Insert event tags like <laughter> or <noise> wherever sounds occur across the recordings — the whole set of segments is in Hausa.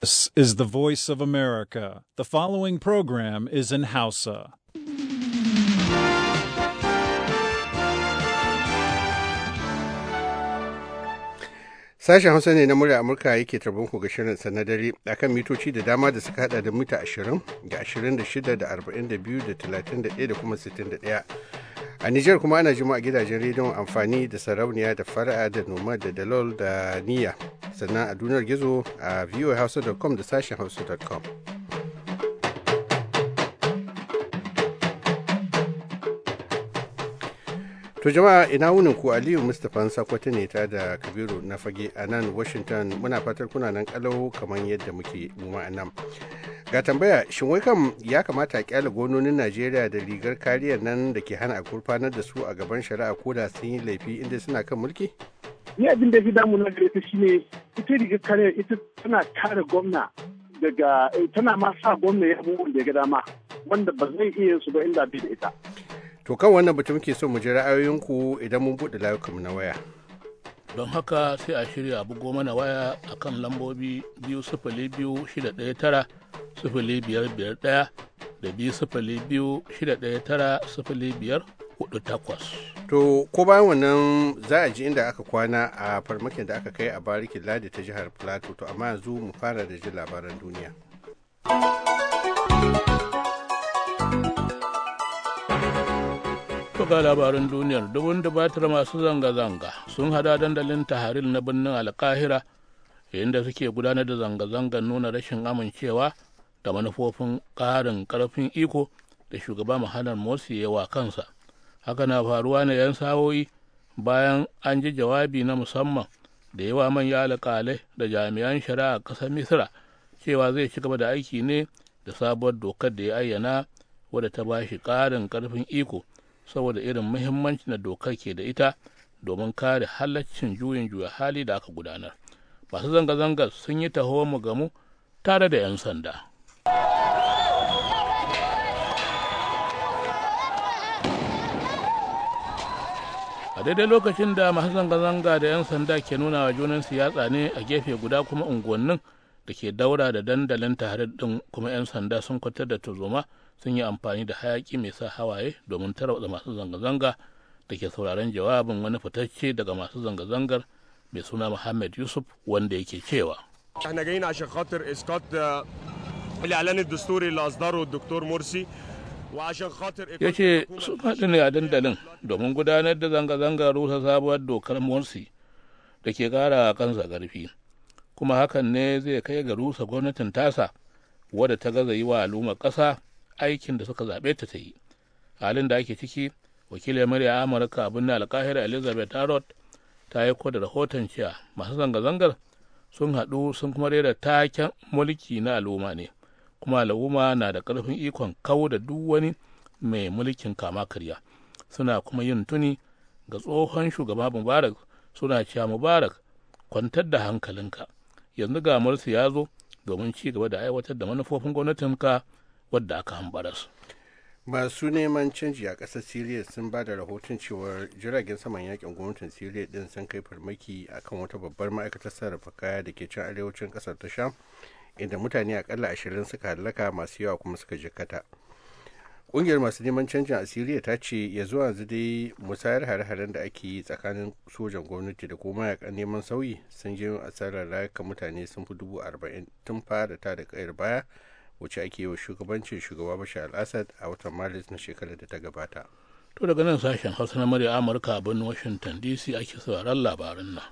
This is the voice of America. The following program is in Hausa. Sashen Hausa ne na murya Amurka yake tarbon ku ga shirin sa na dare akan mitoci da dama da suka hada da mita 20 da 26 da 42 da 31 da kuma 61. a nijar kuma ana jima a gidajen rediyon amfani da sarauniya da fara'a da noma da dalol da niyya sannan a duniyar gizo a voahausa.com da sashen hausa.com To jama'a ina wunin ku Aliyu Mustapha Sakwata ne ta da Kabiru na fage a nan Washington muna fatar kuna nan kalau kamar yadda muke mu a nan. Ga tambaya shin wai kam ya kamata a kyale gononin Najeriya da rigar kariyar nan da ke hana a gurfanar da su a gaban shari'a ko da sun yi laifi inda suna kan mulki? Ni abin da fi damu na gare ta shine ita rigar kariyar ita tana kare gwamna daga eh, tana ma sa gwamna ya abubuwan da ya ga dama wanda ba zai iya yin su ba inda bi da ita. to kan wannan batu muke so mu ji ra'ayoyinku idan mun buɗe layukanmu na waya don haka sai a shirya abu goma na waya a kan lambobi biyu sifili biyu shida ɗaya tara sifili biyar biyar ɗaya da biyu sifili biyu shida ɗaya tara sifili biyar hudu takwas. To ko bayan wannan za a ji inda aka kwana a farmakin da aka kai a barikin ladi ta jihar Plateau to amma yanzu mu fara da ji labaran duniya. ga labarin duniyar dubun dubatar masu zanga-zanga sun hada dandalin taharil na birnin alkahira inda suke gudanar da zanga-zangar nuna rashin amincewa da manufofin ƙarin karfin iko da shugaba muhammad morsi ya wa kansa haka na faruwa na yan sawoyi bayan an ji jawabi na musamman da yawa manya alkalai da jami'an shari'a a ƙasar misra cewa zai ci gaba da aiki ne da sabuwar dokar da ya ayyana wadda ta ba shi ƙarin ƙarfin iko saboda irin muhimmancin da dokar ke da ita domin kare halaccin juyin juya hali da aka gudanar masu zanga-zanga sun yi taho mu gamu tare da 'yan sanda a daidai lokacin da masu zanga-zanga da 'yan sanda ke nuna wa junan siyasa ne a gefe guda kuma unguwannin da ke daura da dandalin tare din kuma 'yan sanda sun kwatar da tuzuma sun yi amfani da hayaki mai sa hawaye domin tarwatsa masu zanga-zanga da ke sauraron jawabin wani fitacce daga masu zanga-zangar mai suna Muhammad Yusuf wanda yake cewa. احنا جايين عشان ya ce sun haɗu ne a dandalin domin gudanar da zanga-zangar rusa sabuwar dokar morsi da ke ƙara kansa ƙarfi kuma hakan ne zai kai ga rusa gwamnatin tasa wadda ta gaza yi wa al'ummar ƙasa aikin da suka zaɓe ta ta yi halin da ake ciki wakilin murya amurka abin na alkahira elizabeth harrod ta yi da rahoton cewa masu zanga-zangar sun haɗu sun kuma rera taken mulki na al'umma ne kuma al'umma na da ƙarfin ikon kawo da duk wani mai mulkin kama karya suna kuma yin tuni ga tsohon shugaba mubarak suna cewa mubarak kwantar da hankalinka yanzu ga mursi ya zo domin ci gaba da aiwatar da manufofin gwamnatinka wadda aka hambara su masu neman canji a ƙasar siriya sun ba da rahoton cewar jiragen saman yakin gwamnatin siriya din sun kai farmaki akan wata babbar ma'aikatar sarrafa kaya da ke can arewacin ƙasar ta sham inda mutane akalla ashirin suka halaka masu yawa kuma suka jikkata ƙungiyar masu neman canjin a siriya ta ce ya zuwa yanzu dai musayar hare-haren da ake yi tsakanin sojan gwamnati da kuma mayakan neman sauyi sun je asarar rayuka mutane sun fi dubu arba'in tun fara ta da kayar baya wacce ake yi wa shugabancin shugaba bashar al-assad a watan maris na shekarar da ta gabata to daga nan sashen hausa na murya amurka a birnin washington dc ake sauraron labarin nan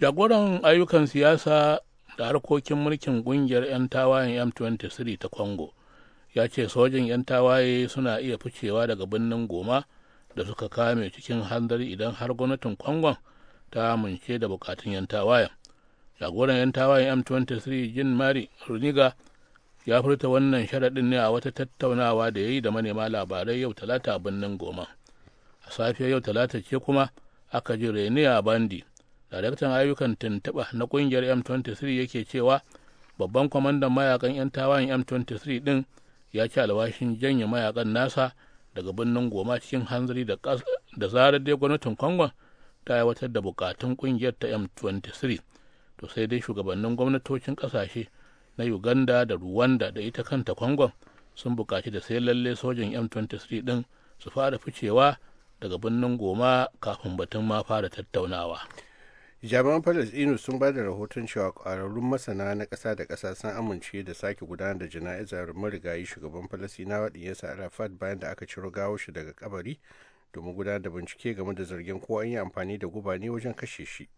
jagoran ayyukan siyasa da harkokin mulkin kungiyar 'yan tawayen m23 ta congo ya ce sojin 'yan tawaye suna iya ficewa daga birnin goma da suka kame cikin hanzari idan har gwamnatin kwangon ta amince da bukatun 'yan tawayen jagoran 'yan tawayen m23 jin mari runiga ya furta wannan sharaɗin ne a wata tattaunawa da ya yi da manema labarai yau talata a birnin goma a safiyar yau talata ce kuma aka ji reniya bandi daraktan ayyukan tuntuɓa na ƙungiyar m23 yake cewa babban kwamandan mayakan 'yan tawayen m23 ɗin ya ci alwashin janye mayakan nasa daga birnin goma cikin hanzari da zarar dai gwamnatin kwangon ta aiwatar da bukatun ƙungiyar ta m23 to sai dai shugabannin gwamnatocin kasashe na uganda da rwanda da ita kanta kwangon sun bukaci da sai lalle sojin m23 ɗin su fara ficewa daga birnin goma kafin batun ma fara tattaunawa jami'an inu sun ba da rahoton cewa ƙwararrun masana na ƙasa da ƙasa sun amince da sake gudanar da jana'izar marigayi shugaban falasɗinawa ɗiyarsa arafat bayan da aka ciro gawo shi daga kabari domin gudanar da bincike game da zargin ko an yi amfani da guba ne wajen kashe shi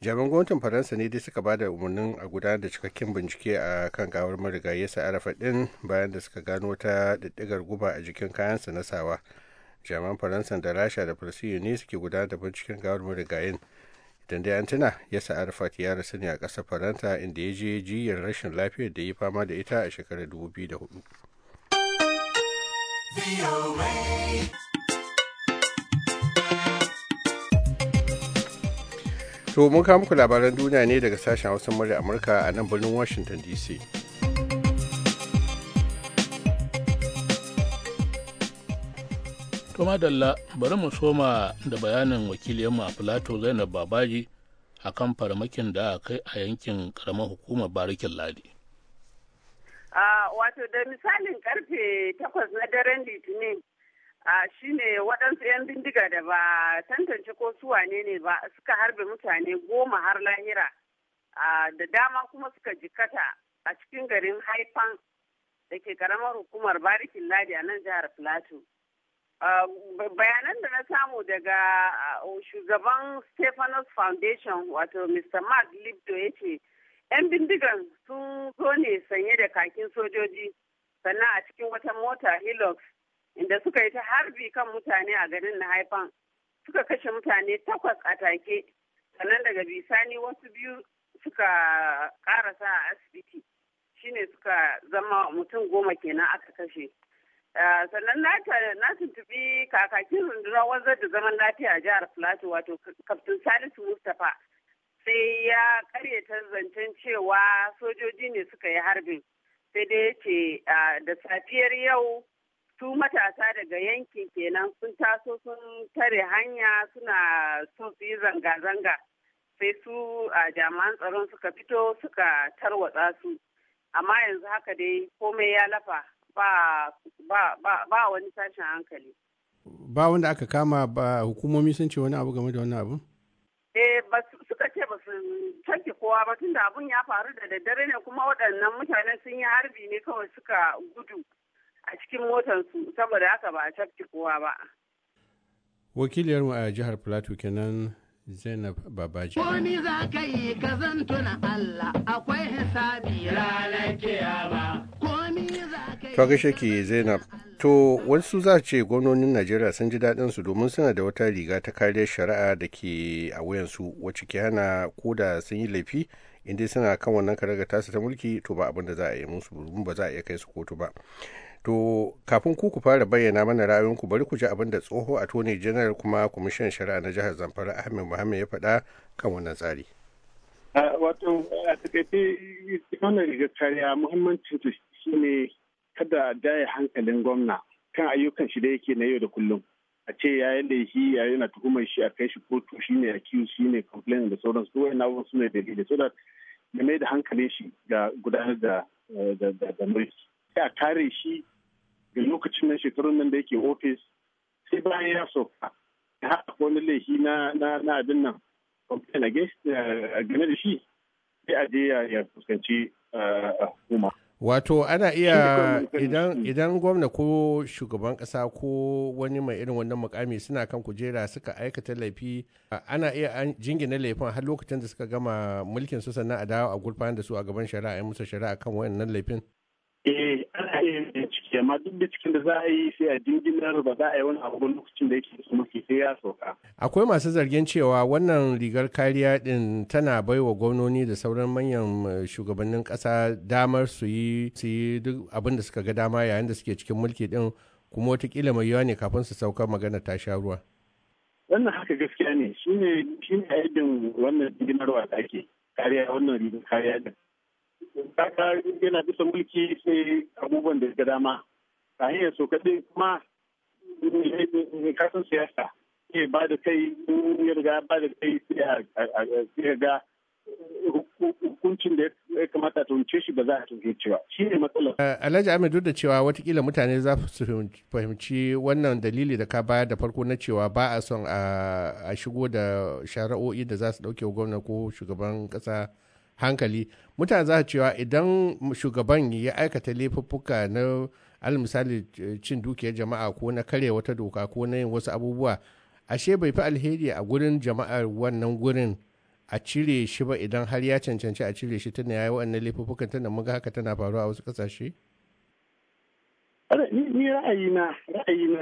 jami'an gwamnatin faransa ne dai suka ba da umarnin a gudanar da cikakken bincike a kan gawar marigayi sa arafa din bayan da suka gano ta diddigar guba a jikin kayansa na sawa jami'an faransa da rasha da farsiyu ne suke gudanar da binciken gawar marigayin idan dai an tuna ya sa arafat ya rasu ne a kasar faransa inda ya je jiyar rashin lafiyar da ya fama da ita a shekarar 2004 To mun kawo muku labaran duniya ne daga sashen Hausa murya Amurka a nan birnin Washington DC. To madalla bari mu soma da bayanin wakiliyanmu a Filato Zainab Babaji a kan farmakin da aka kai a yankin karamar hukumar Barikin Ladi. Ah, wato da misalin karfe takwas na daren Litinin a shine waɗansu 'yan bindiga da ba tantance ko su wanene ne ba suka harbe mutane goma har lahira da dama kuma suka jikata a cikin garin haifan da ke karamar hukumar barikin ladi a nan jihar plateau bayanan da na samu daga shugaban stephanos foundation wato mr mark libdo ya ce 'yan bindigan sun zo ne sanye da kakin sojoji sannan a cikin wata mota hilux inda suka yi ta harbi kan mutane a garin na haifan suka kashe mutane takwas a take sannan daga bisani wasu biyu suka karasa a asibiti shine suka zama mutum goma kenan aka kashe eh, sannan na tuntubi kakakin rundunar wanzar da zaman lafiya a jihar plateau wato kaftin salisu mustapha sai ya karyata zancen cewa sojoji ne suka yi harbin sai dai ya ce ah, da safiyar yau su matasa daga yankin kenan sun taso sun tare hanya suna sun su yi zanga-zanga sai su a jami'an tsaron suka fito suka tarwatsa su amma yanzu haka dai komai ya lafa ba wani tashin hankali ba wanda aka kama ba hukumomi sun ce wani abu game da wani abu? eh suka ce ba su canke kowa ba tunda abun ya faru da daddare ne kuma waɗannan mutanen sun yi harbi ne kawai suka gudu a cikin motarsu saboda haka ba a cafke kowa ba. Wakiliyarmu a jihar Plateau kenan Zainab Babaji. Wani za ka yi ka tuna Allah akwai hisabi ranar kiyama. To gaishe ke Zainab. To wasu za ce gwamnonin Najeriya sun ji daɗin su domin suna da wata riga ta kariyar shari'a da ke a wayansu wacce ke hana ko da sun yi laifi inda suna kan wannan ga tasu ta mulki to ba abin da za a yi musu ba za a iya kai su kotu ba. To kafin ku ku fara bayyana mana ku bari ku ji abin da tsoho a tone general kuma kwamishin shari'a na jihar Zamfara Ahmed Muhammad ya faɗa kan wannan tsari. Wato a takaice wannan rigar kariya muhimmancin ta shi ne kada daya hankalin gwamna kan ayyukan shi da yake na yau da kullum. A ce yayin da shi yayin na tuhumar shi a kai shi kotu shi ne kiyu shi ne complain da sauran su wani abubuwan su ne dalilai so da ya mai da hankalin shi ga gudanar da eh, mulki. Sai a kare shi da lokacin na shekarun nan da yake ofis sai bayan ya sauka ya haɗa wani laifi na abin nan complain eh, game da shi sai a je ya fuskanci eh, hukuma. Wato ana iya idan gwamna ko shugaban kasa ko wani mai irin wannan mukami suna kan kujera suka aikata laifi ana iya jingina laifin har lokacin da suka gama mulkin su sannan a dawo a gurfanar da su a gaban shari'a ya musu shari'a kan wannan laifin. eh ana iya yin bincike amma duk cikin da za a yi sai a jinginar ba za a yi wani abu lokacin da yake su mafi sai ya sauka. akwai masu zargin cewa wannan rigar kariya din tana baiwa gwamnoni da sauran manyan eh, shugabannin kasa damar su yi su yi duk abin da suka ga dama yayin da suke cikin mulki din kuma watakila mai yawa ne kafin su sauka magana ta sha ruwa. wannan haka gaskiya ne shine shine aibin wannan jinginarwa da ake kariya wannan rigar kariya din kaka yana bisa mulki sai abubuwan da ga dama a hanyar so kaɗai kuma eh, kasan siyasa ke ba da kai ya riga ba da kai sai ga hukuncin da ya kamata ta wuce shi ba za a tuke cewa shi ne matsalar. Eh, Alhaji Ahmed duk da cewa watakila mutane za su fahimci wannan dalili da ka bayar da farko na cewa ba a son a shigo da shara'o'i da za su ɗauke gwamna ko shugaban ƙasa hankali mutane za cewa idan shugaban ya aikata laifuffuka na almisali cin dukiyar jama'a ko na karya wata doka ko na yin wasu abubuwa ashe bai fi alheri a gurin jama'ar wannan gurin a cire shi ba idan har ya cancanci a cire shi tana yayi wannan laifuffukan tana muga haka tana faruwa a wasu kasashe ni ra'ayi na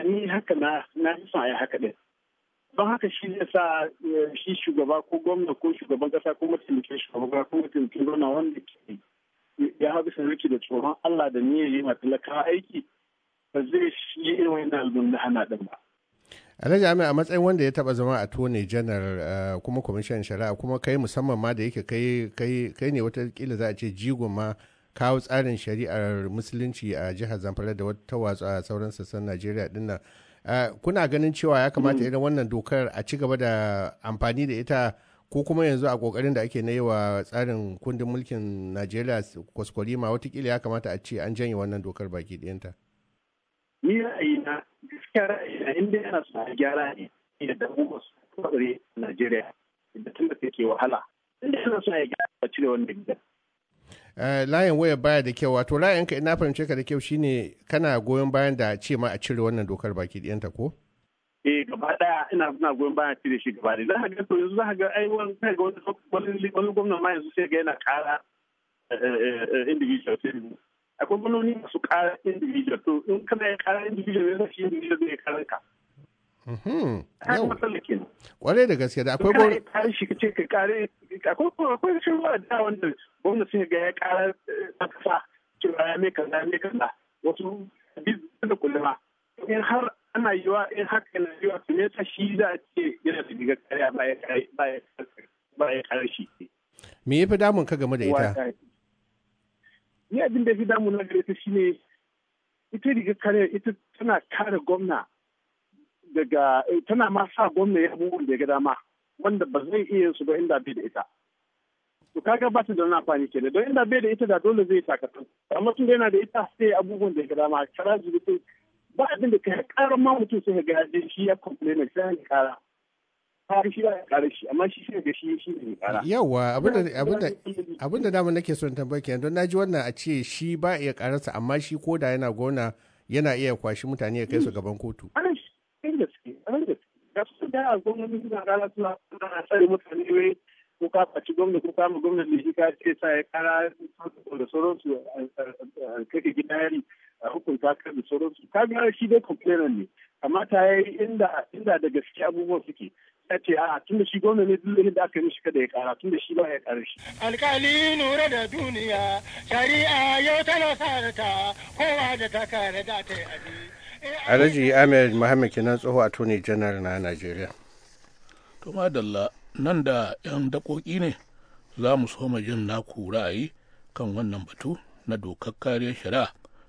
ni haka na na son a haka din don haka shi zai sa eh, shi shugaba ko gwamna ko shugaban kasa ko mataimakin shugaba ko mataimakin gwamna wanda ke ya haɗu rike da tsoron Allah da niyyar yi ma talaka aiki ba zai yi irin wani albun da hana ɗin ba. Alhaji Ahmed a matsayin wanda ya taba zama a tone janar kuma kwamishin shari'a kuma kai musamman ma da yake kai ne wata kila za a ce jigo ma kawo tsarin shari'ar musulunci a jihar Zamfara da wata watsa a sauran sassan Najeriya dinnan Eh, kuna ganin cewa ya kamata mm. irin wannan dokar a ci gaba da amfani da ita ko kuma yanzu a kokarin da ake na yi wa tsarin kundin mulkin najeriya kwaskwarima watakila ya kamata a ce an janye wannan dokar baki ɗayanta. ni ra'ayi na gaskiya ra'ayi na inda yana so a gyara ne da dabuwa su kwakwari najeriya da tun da take wahala inda yana so a gyara a cire wannan gidan Eh, layin waya baya da kyau wato layin ka ina fahimce ka da kyau shine kana goyon bayan da ce ma a cire wannan dokar baki ɗiyanta ko? eh gaba daya ina suna goyon bayan cire shi gaba daya. Zaka ga to yanzu zaka ga ai wani ga wani wani gwamna ma yanzu sai ga yana kara eh, eh, individual sai akwai gwamnoni masu kara individual to in kana ya kara individual ne shi individual zai kara ka Mm-hmm. kenan. Kwarai da gaske da akwai gwamnati. Kare shi ka ka kare akwai rashin ruwa da wanda gwamnati ga ya kara eh, na kasa cewa ya mai kaza mai kaza wasu bizin da kullum in har ana yiwa in haka yana yiwa to me yasa shi za a ce yana da diga kare ba ya kare ba shi. Me ya fi damun ka game da ita? Ni abin da ya fi damun na gare ta shine ita riga kare ita tana kare gwamna daga eh, tana ma sa gwamna ya abubuwan da ya ga dama wanda ba zai iya su ba inda bai da ita to kaga ba ta da wani amfani ke don inda bai da ita da dole zai takatu amma tun da yana da ita sai abubuwan da ya ga dama kara sai ba abin da kai karar ma mutum sai ga ya shi ya complain sai ya kara abin abinda dama nake son tambayi kenan don naji wannan a ce shi ba iya karasa amma shi ko da yana gona yana iya kwashi mutane ya kai su hmm. gaban kotu. da a gwamnati suna kara suna na tsari mutane wai ko ka faci gwamna ko kama ma gwamna ne shi ka ce sa ya kara da sauransu a kake gida yari a hukunta ka da sauransu ka ga shi dai complainant ne amma ta yi inda inda da gaske abubuwan suke ya ce a tun da shi gwamna ne duk da aka yi mishi kada ya kara tun da shi ba ya kara shi. alkali nura da duniya shari'a yau tana sa ta kowa da ta kare da ta yi abi. alhaji ahmed muhammad kenan tsoho attorney general na najeriya to madalla nan da 'yan dakoki ne za mu so mu jin naku ra'ayi kan wannan batu na dokar kariyar shari'a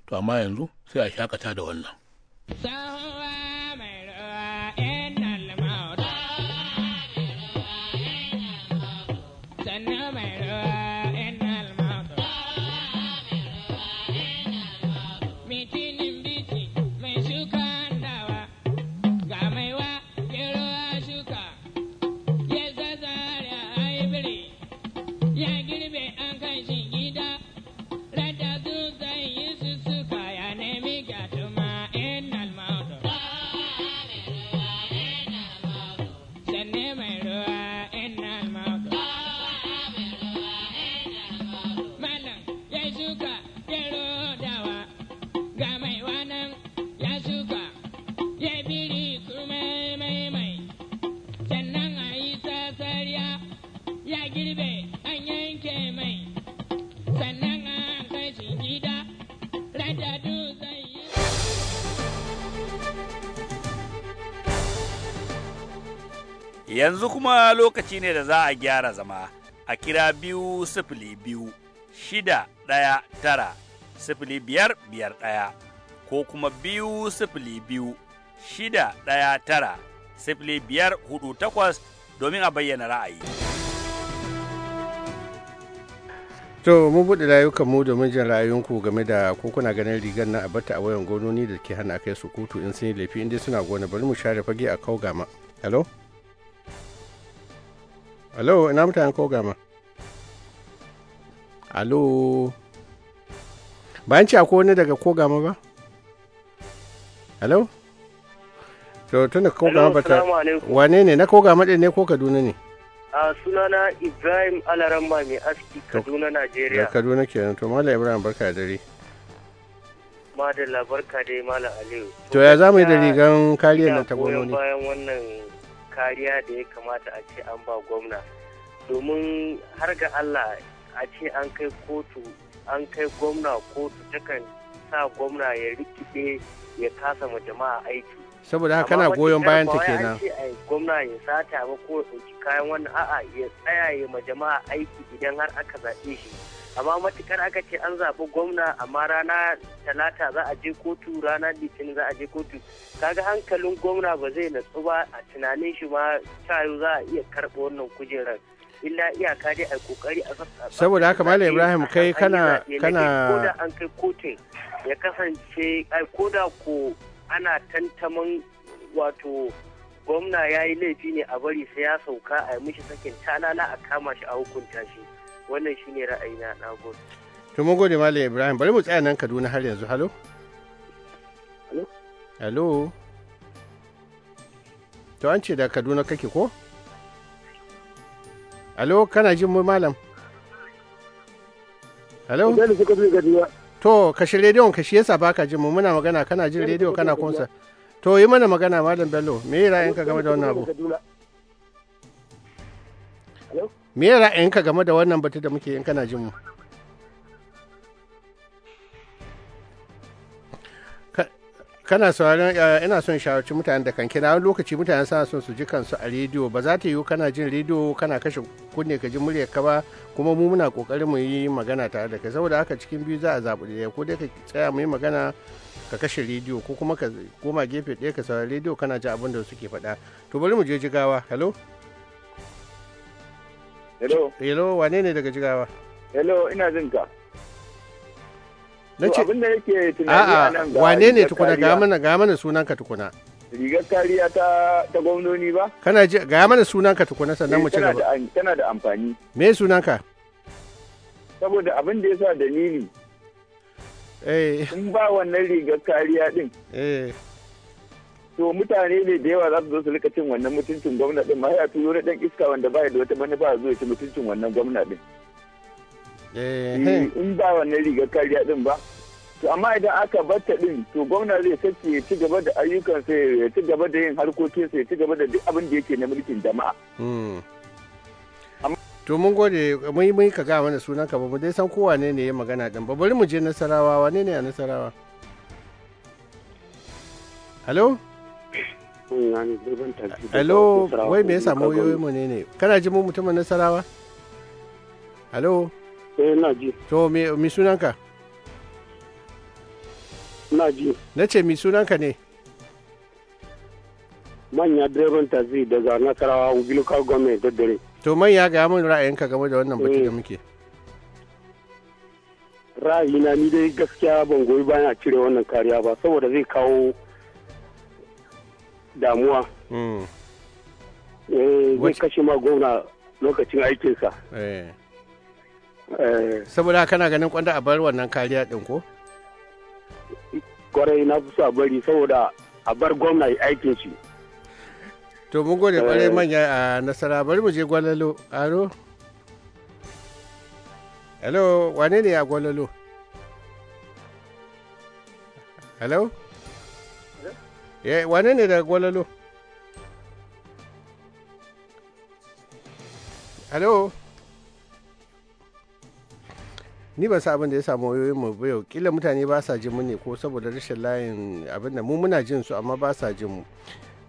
to amma yanzu sai a shakata da wannan Yanzu kuma lokaci ne da za a gyara zama, a kira biyu sifili biyu, shida ɗaya tara, sifili biyar biyar ɗaya, ko kuma biyu sifili biyu, shida ɗaya tara, sifili biyar hudu takwas domin a bayyana ra'ayi. To, mu buɗe layukan mu domin jin ra'ayinku game da ko kuna ganin rigar na abata a wayan gononi da ke hana kai su kutu in sun yi laifi inda suna gona bari mu share fage a kau gama. Hello? alo ina mutane ko gama alo bayan ci ko wani daga ko gama ba alo to tunda ko gama ba ta wane ne na ko gama ɗin ne ko kaduna ne a sunana ibrahim alaramma mai aski kaduna najeriya kaduna ke to mala ibrahim barka dare madalla barka dai mala aliyu to ya zamu yi da rigan kariyar na ta gwamnati bayan wannan kariya da ya kamata a ce an ba gwamna domin har ga allah a ce an kai kotu an kai gwamna kotu takan sa gwamna ya rikide ya kasa ma jama'a aiki saboda haka kana goyon bayan ta kenan gwamna ya sata ba ko ya ɗauki kayan wannan a'a ya tsaya ya ma jama'a aiki idan har aka zaɓe shi amma matukar aka ce an zaɓi gwamna amma rana talata za a je kotu rana litinin za a je kotu kaga hankalin gwamna ba zai natsu ba a tunanin shi ma tayo za a iya karɓa wannan kujerar illa iyaka dai a kokari a saboda haka malam ibrahim kai kana kana koda an kai kotu ya kasance ai koda ko ana tantaman wato gwamna ya yi laifi ne a bari sai ya sauka a yi mishi sakin talala a kama shi a hukunta shi wannan shine ra'ayi na nagode to mun gode malam ibrahim bari mu tsaya nan kaduna har yanzu halo halo to an ce da kaduna kake ko halo kana jin mu malam halo to kashe rediyon kashi yasa baka jin mu muna magana kana jin rediyo kana kunsa to yi mana magana malam bello me yi ra'ayinka game da wannan abu me ka game da wannan batu da muke in kana jin mu kana sauraron ina son shawarci mutanen da kan kira wani lokaci mutane suna son su ji kansu a rediyo ba za ta yiwu kana jin rediyo kana kashe kunne ka ji muryar ka ba kuma mu muna kokarin mu yi magana tare da kai saboda haka cikin biyu za a zaɓi da ko dai ka tsaya mu yi magana ka kashe rediyo ko kuma ka koma gefe ɗaya ka saurari rediyo kana ji abin da suke faɗa to bari mu je jigawa hello Hello. Hello, wane ne daga jigawa? Hello, ina jin ka. Na ce, da yake tunani a nan ga wane ne tukuna ga mana ga mana sunan ka tukuna. Rigar kariya ta ta gwamnoni ba? Kana ji ga mana sunan ka tukuna sannan mu ci eh, gaba. Tana da amfani. Me sunan ka? Saboda abin da yasa dalili. Eh. In ba wannan rigar kariya din. Eh. to mutane ne da yawa za su zo su rika cin wannan mutuncin gwamna din ma ya turo na dan iska wanda ya da wata manufa zo ya ci mutuncin wannan gwamna din eh, eh, in ba wannan rigar kariya din ba to amma idan aka batta din to gwamna zai sake ya ci gaba da sa ya ci gaba da yin sa ya ci gaba da duk abin da yake na mulkin jama'a hmm. to mun gode mai mai ka ga mana sunan ka ba mu dai san kowa ne ne ya magana din ba bari mu je nasarawa wane ne a nasarawa hello Hello, wai me ya samu wayoyin mu ne ne? Kana ji mu mutumin Nasarawa? Hello? Eh, na ji. To, me, mi sunanka? Na ji. Na ce mi sunanka ne? Manya direban tazi daga Nasarawa, Ugilukar Gwamnati da dare. To, manya ga mun ra'ayinka game da wannan baki da eh. muke. Ra'ayina ni dai gaskiya ban goyi bayan a cire wannan kariya ba, saboda zai kawo damuwa hmm. eh, zai kashe ma gwamna lokacin aikinsa eh. Eh. saboda kana ganin kwanda a bar wannan kariya din ko kwarai na fi a bari saboda a bar gwamna ya aikin shi to mun gode kwarai manya a nasara bari mu je gwalalo aro hello wane ne a gwalalo hello Eh, wane ne da gwalalo Halo? ni ba sa abin da ya samu wayoyin mu ba yau kila mutane ba sa jin mu ne ko saboda rashin layin abin da mu muna jin su amma ba sa jin mu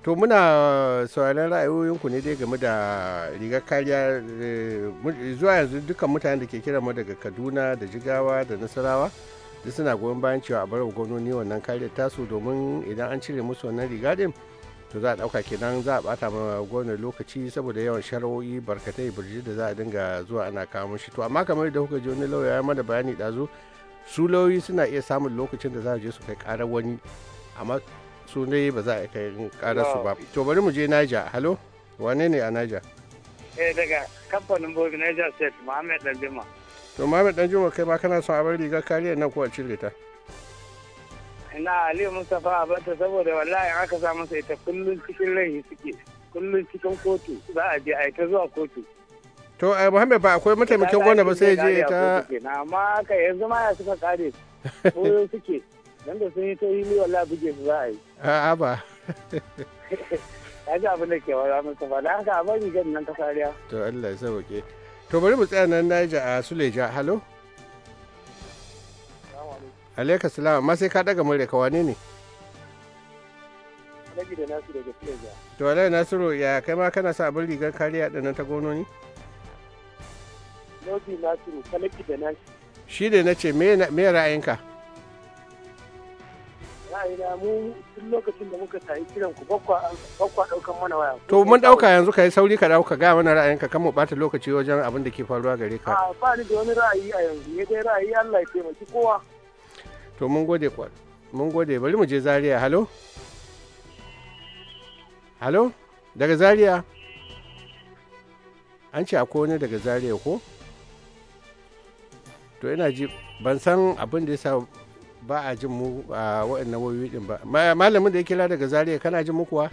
to muna sauraron ra'ayoyinku ne dai game da rigar kariya eh, zuwa yanzu dukkan mutanen da ke kira mu daga kaduna da jigawa da nasarawa da suna goyon bayan cewa a barau gwamnoni wannan kare tasu domin idan an cire musu wannan riga din to za a ɗauka kenan za a bata ma gwamnati lokaci saboda yawan shari'o'i barkatai birji da za a dinga zuwa ana kawo mushi to amma kamar da kuka ji wani lauya ya mana bayani dazu su lauyi suna iya samun lokacin da za a je su kai karar wani amma su ne ba za a kai karar su ba to bari mu je naija halo wane ne a naija eh daga kamfanin bobi naija state muhammad daldima to Muhammad dan Juma kai ma kana son a bar rigar kariyar nan ko a cire ta ina ali Mustafa a bata saboda wallahi aka sa masa ita kullun cikin rai suke kullun cikin kotu za a je a ta zuwa kotu to ai eh, muhammed ba akwai mataimakin gwamna ba sai je ta ma haka yanzu ma ya suka kare <laughs> ko suke dan da sun yi ta yi wallahi buge su za a yi a'a ba ya <laughs> ji abin da ke wa Mustafa da haka a bari gan nan ta kariya to Allah ya sauke to bari mu tsaya nan naija a suleja halo alaika salama Ma sai ka daga murya ka wane ne to alai nasiru ya kai ma kana sa abin rigar kariya nan ta gononi Lauji Shi ne na ce, me ra'ayinka? ra'ayina mu duk lokacin da muka tayi kiran ku bakwa bakwa daukan mana waya to mun dauka yanzu kai sauri ka dauka ga mana ra'ayinka kan mu bata lokaci wajen abin da ke faruwa gare ka a ba ni da wani ra'ayi a yanzu ne dai ra'ayi Allah ya taimaki kowa to mun gode kwa mun gode bari mu je Zaria halo halo daga Zaria an ce akwai wani daga Zaria ko to ina ji ban san abin da ya sa ba a jin mu a waɗannan wayoyi din ba malamin da ya kira daga zaria kana jin mu kuwa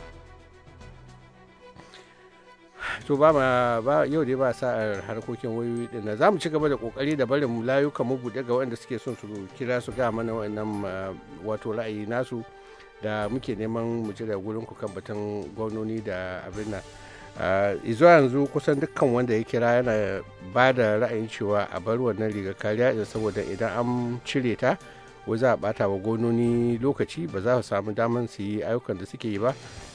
to ba ma ba yau dai ba sa harkokin wayoyi din za mu ci gaba da kokari da barin layuka mu buɗe ga waɗanda suke son su kira su ga mana waɗannan wato ra'ayi nasu da muke neman mu ji da gurin ku kan batun gwamnoni da abin nan izuwa yanzu kusan dukkan wanda ya kira yana ba da ra'ayin cewa a bar wannan riga kariya saboda idan an cire ta wai za a bata wa gononi lokaci ba za su samu daman su yi ayyukan da suke yi ba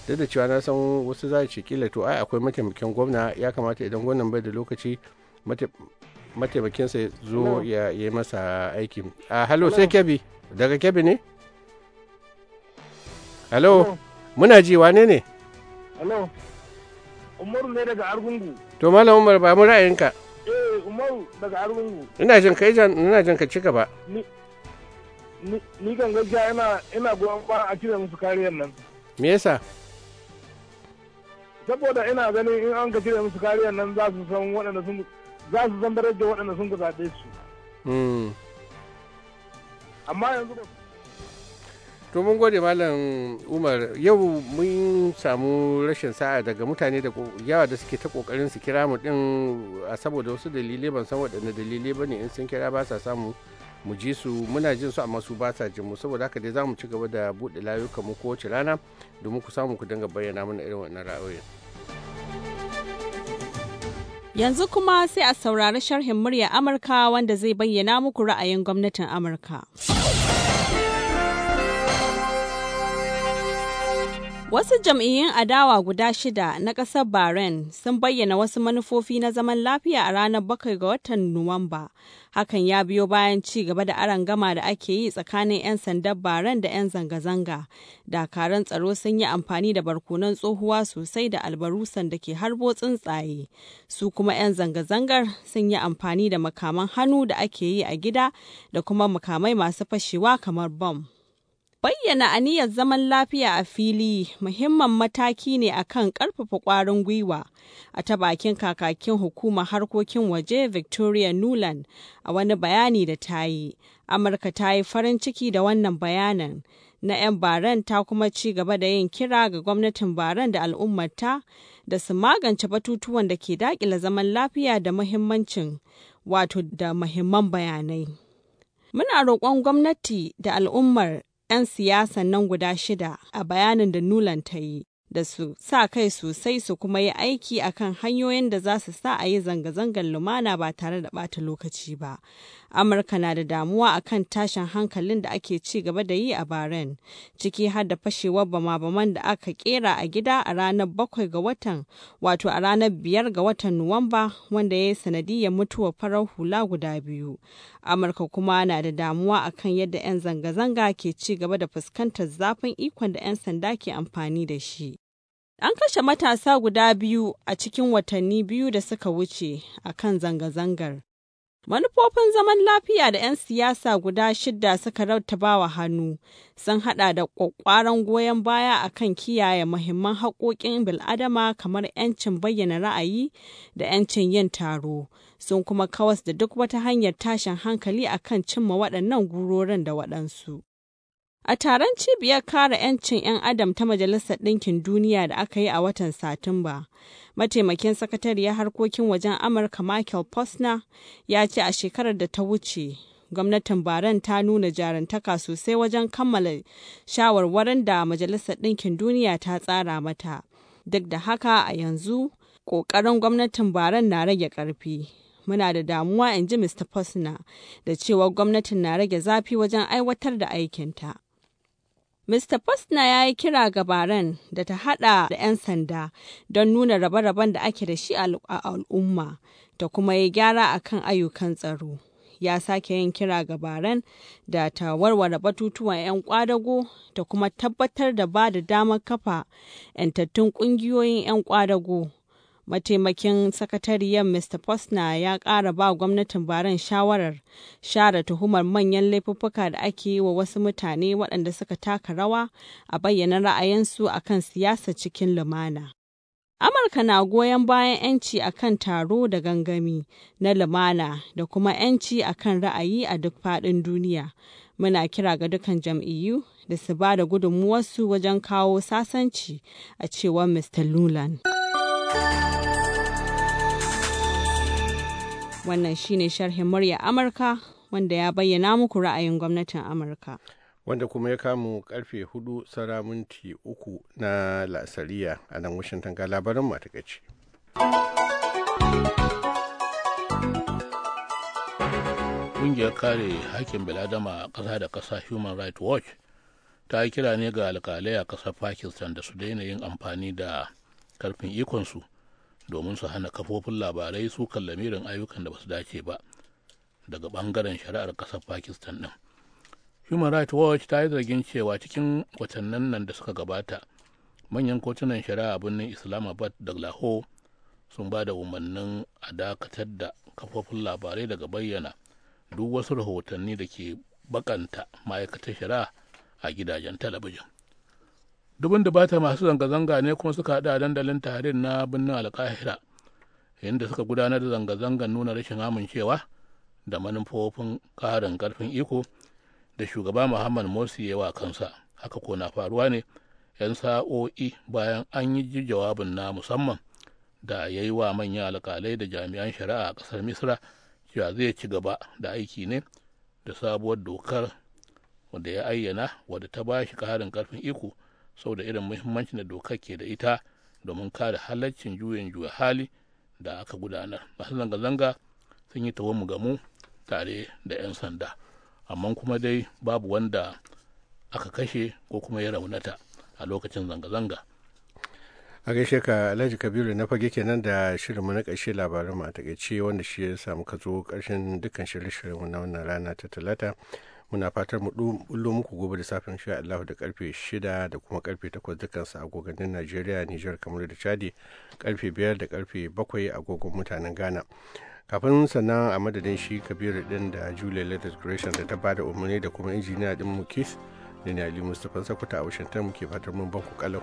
duk da cewa na san wasu za ce kila to ai akwai mataimakin gwamna ya kamata idan gwamnan bai da lokaci mataimakinsa ya zo ya yi masa aiki a ah, halo sai kebi daga kebi ne halo muna ji wane ne halo umaru ne daga argungu to malam umar ba mu ra'ayinka eh umaru daga argungu ina jin kai ina jin ka ci gaba ni kan gajiya ina ina goyon ba a kiran musu kariyar nan me yasa saboda ina ganin in an ka cire musu kariyar nan za su san waɗanda sun za su san darajar waɗanda sun ka zaɓe su hmm. amma yanzu ba to mun gode malam umar yau mun samu rashin sa'a daga mutane da yawa da suke ta kokarin su kira mu din a saboda wasu dalilai ban san waɗanne dalilai ba ne in sun kira ba sa samu mu ji su muna jin su amma su ba sa jin mu saboda haka dai za mu ci gaba da buɗe layuka mu kowace rana domin ku samu ku dinga bayyana mana irin wannan ra'ayoyin. Yanzu kuma sai a saurari sharhin murya Amurka wanda zai bayyana muku ra'ayin gwamnatin Amurka. Wasu jam'iyyun adawa guda shida na ƙasar Bahrain sun bayyana wasu manufofi na zaman lafiya a ranar bakwai ga watan Nuwamba. Hakan ya biyo bayan ci gaba da aron gama da ake yi tsakanin 'yan sandan Bahrain da 'yan zanga-zanga. Dakaran tsaro sun yi amfani da barkunan tsohuwa sosai da albarusan da ke harbo tsuntsaye. Su kuma 'yan zanga-zangar sun yi amfani da makaman hannu da ake yi a gida da kuma makamai masu fashewa kamar bom. Bayyana aniyar zaman lafiya a fili muhimman mataki ne a kan ƙarfafa ƙwarin gwiwa a ta bakin kakakin hukumar harkokin waje Victoria Nuland a wani bayani da ta yi. Amurka ta yi farin ciki da wannan bayanan, na 'yan Baran ta kuma ci gaba da yin kira ga gwamnatin Baran da al'ummarta da su magance batutuwan da ke daƙila zaman lafiya da muhimmancin wato da muhimman bayanai. Muna roƙon gwamnati da al'ummar 'yan siyasan nan guda shida a bayanin da nulan ta yi. da su sa kai sosai su kuma yi aiki a kan hanyoyin da za su sa a yi zanga-zangar lumana ba tare da bata lokaci ba. Amurka na da damuwa a kan tashin hankalin da ake ci gaba da yi a Bahrain, ciki har da fashewar bama-baman da aka kera a gida a ranar bakwai ga watan, wato a ranar biyar ga watan Nuwamba wanda ya yi sanadiyar mutuwar farar hula guda biyu. Amurka kuma na da damuwa a kan yadda 'yan zanga-zanga ke ci gaba da fuskantar zafin ikon da 'yan sanda ke amfani da shi. An kashe matasa guda biyu a cikin watanni biyu da suka wuce a kan zanga-zangar. Manufofin zaman lafiya da 'yan siyasa guda shidda suka rattabawa hannu sun hada da ƙwaƙƙwaran goyon baya a kan kiyaye muhimman haƙoƙin bil'adama kamar 'yancin bayyana ra'ayi da 'yancin yin taro, sun kuma kawas da duk wata hanyar tashin hankali a kan cimma waɗannan gurorin da waɗansu. A taron cibiyar kare 'yancin 'yan Adam ta Majalisar Ɗinkin Duniya da aka yi a watan Satumba, mataimakin sakatariyar harkokin wajen Amurka Michael Posner ya ce a shekarar da ta wuce, gwamnatin Baran ta nuna jarantaka sosai wajen kammala shawarwarin da Majalisar Ɗinkin Duniya ta tsara mata. Duk da haka a yanzu, ƙoƙarin gwamnatin Baran na rage ƙarfi. muna da damuwa in ji Mr. Posner da cewa gwamnatin na rage zafi wajen aiwatar da aikinta. Mr. postna ya yi kira ga Baran da ta haɗa da 'yan sanda don nuna rabe-raben da ake da shi a al'umma da kuma yi gyara a kan ayyukan tsaro. Ya sake yin kira ga Baran da ta warware batutuwan 'yan kwadago da kuma tabbatar da ba da damar kafa 'yantattun ƙungiyoyin 'yan kwadago mataimakin sakatariyar mr posner ya ƙara ba gwamnatin baran shawarar share tuhumar manyan laifuffuka da ake yi wa wasu mutane waɗanda suka taka rawa a bayyana ra'ayinsu a kan siyasa cikin lumana amurka na goyon bayan 'yanci a kan taro da gangami na lumana da kuma 'yanci a kan ra'ayi a duk faɗin duniya muna kira ga dukan jam'iyyu da su ba da gudunmuwarsu wajen kawo sasanci a cewar mr lulan. Wannan shine sharhin murya Amurka wanda ya bayyana muku ra'ayin gwamnatin Amurka. Wanda kuma ya kamu karfe hudu sara minti uku na lasariya a nan Washington ga labarin matakaci. Ƙungiyar kare hakkin biladama a ƙasa da ƙasa Human Rights Watch ta yi kira ne ga alkalai a ƙasar Pakistan da su daina yin amfani da karfin ikonsu. domin su hana kafofin labarai su lamirin ayyukan da basu dace ba daga bangaren shari'ar kasar pakistan din human rights watch ta yi zargin cewa cikin watannin nan da suka gabata manyan kotunan shari'a a birnin islamabad da lahore sun ba da umarnin a dakatar da kafofin labarai daga bayyana duk wasu rahotanni da ke bakanta ma'aikatar shari'a a gidajen talabijin dubin da bata masu zanga-zanga ne kuma suka haɗa dandalin tarin na birnin alkahira inda suka gudanar da zanga-zangar nuna rashin amincewa da manufofin ƙarin ƙarfin iko da shugaba muhammad morsi ya wa kansa haka ko na faruwa ne 'yan sa'o'i bayan an yi jawabin na musamman da ya yi wa manyan alkalai da jami'an shari'a a ƙasar misra cewa zai ci gaba da aiki ne da sabuwar dokar wanda ya ayyana wadda ta ba shi ƙarin ƙarfin iko saboda irin muhimmancin da doka ke da ita domin kare halaccin juyin juya hali da aka gudanar masu zanga-zanga sun yi tawon gamu tare da 'yan sanda amma kuma dai babu wanda aka kashe ko kuma ya raunata a lokacin zanga-zanga a gaishe ka alhaji kabiru na fage kenan da shirin na ƙarshe labarin a takaice wanda shi ya samu ka zo ƙarshen dukkan shirye shiryen na wannan rana ta talata muna fatar mu bullo muku gobe da safin sha Allah da karfe 6 da kuma karfe 8 dukansu agogannin Najeriya, niger kamar da Chadi karfe 5 da karfe 7 agogon mutanen Ghana. kafin sannan a madadin shi kabiru din da julia letters creation da ta bada umarni da kuma injiniya din mu keith da ne ali mustapha sakuta a washington muke fatar mun ku kalau